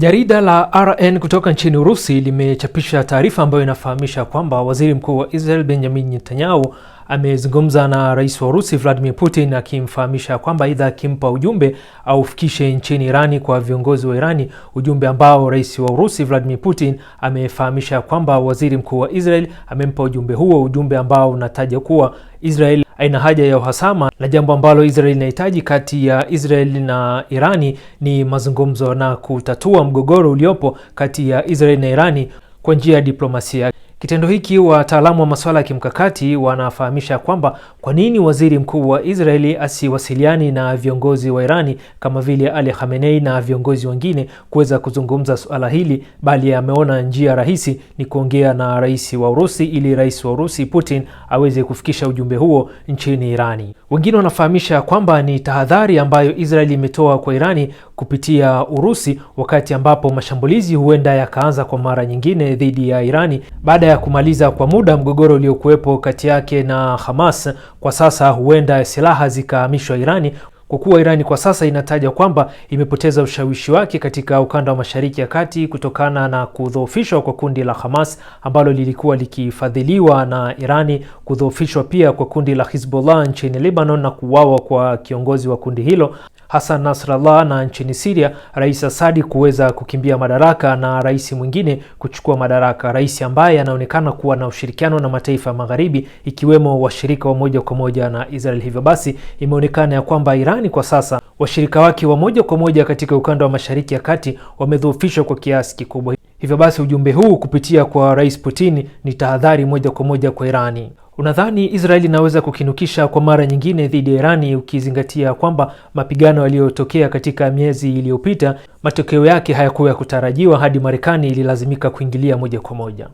Jarida la RN kutoka nchini Urusi limechapisha taarifa ambayo inafahamisha kwamba Waziri Mkuu wa Israel Benjamin Netanyahu amezungumza na Rais wa Urusi Vladimir Putin akimfahamisha kwamba aidha akimpa ujumbe aufikishe nchini Irani kwa viongozi wa Irani, ujumbe ambao Rais wa Urusi Vladimir Putin amefahamisha kwamba Waziri Mkuu wa Israel amempa ujumbe huo, ujumbe ambao unataja kuwa Israel aina haja ya uhasama, na jambo ambalo Israel inahitaji kati ya Israel na Irani ni mazungumzo na kutatua mgogoro uliopo kati ya Israel na Irani kwa njia ya diplomasia. Kitendo hiki wataalamu wa masuala ya kimkakati wanafahamisha kwamba kwa nini waziri mkuu wa Israeli asiwasiliani na viongozi wa Irani kama vile Ali Khamenei na viongozi wengine kuweza kuzungumza suala hili, bali ameona njia rahisi ni kuongea na rais wa Urusi ili rais wa Urusi Putin aweze kufikisha ujumbe huo nchini Irani. Wengine wanafahamisha kwamba ni tahadhari ambayo Israeli imetoa kwa Irani kupitia Urusi, wakati ambapo mashambulizi huenda yakaanza kwa mara nyingine dhidi ya Irani baada ya kumaliza kwa muda mgogoro uliokuwepo kati yake na Hamas, kwa sasa huenda silaha zikahamishwa Irani kwa kuwa Irani kwa sasa inataja kwamba imepoteza ushawishi wake katika ukanda wa Mashariki ya Kati kutokana na kudhoofishwa kwa kundi la Hamas ambalo lilikuwa likifadhiliwa na Irani, kudhoofishwa pia kwa kundi la Hizbollah nchini Lebanon na kuuawa kwa kiongozi wa kundi hilo Hassan Nasrallah, na nchini Syria Rais asadi kuweza kukimbia madaraka na rais mwingine kuchukua madaraka, rais ambaye anaonekana kuwa na ushirikiano na mataifa ya Magharibi ikiwemo washirika wa moja kwa moja na Israel. Hivyo basi imeonekana ya kwamba Irani Marekani kwa sasa, washirika wake wa moja kwa moja katika ukanda wa Mashariki ya Kati wamedhoofishwa kwa kiasi kikubwa. Hivyo basi, ujumbe huu kupitia kwa Rais Putin ni tahadhari moja kwa moja kwa Irani. Unadhani Israeli inaweza kukinukisha kwa mara nyingine dhidi ya Irani ukizingatia kwamba mapigano yaliyotokea katika miezi iliyopita matokeo yake hayakuwa ya kutarajiwa hadi Marekani ililazimika kuingilia moja kwa moja?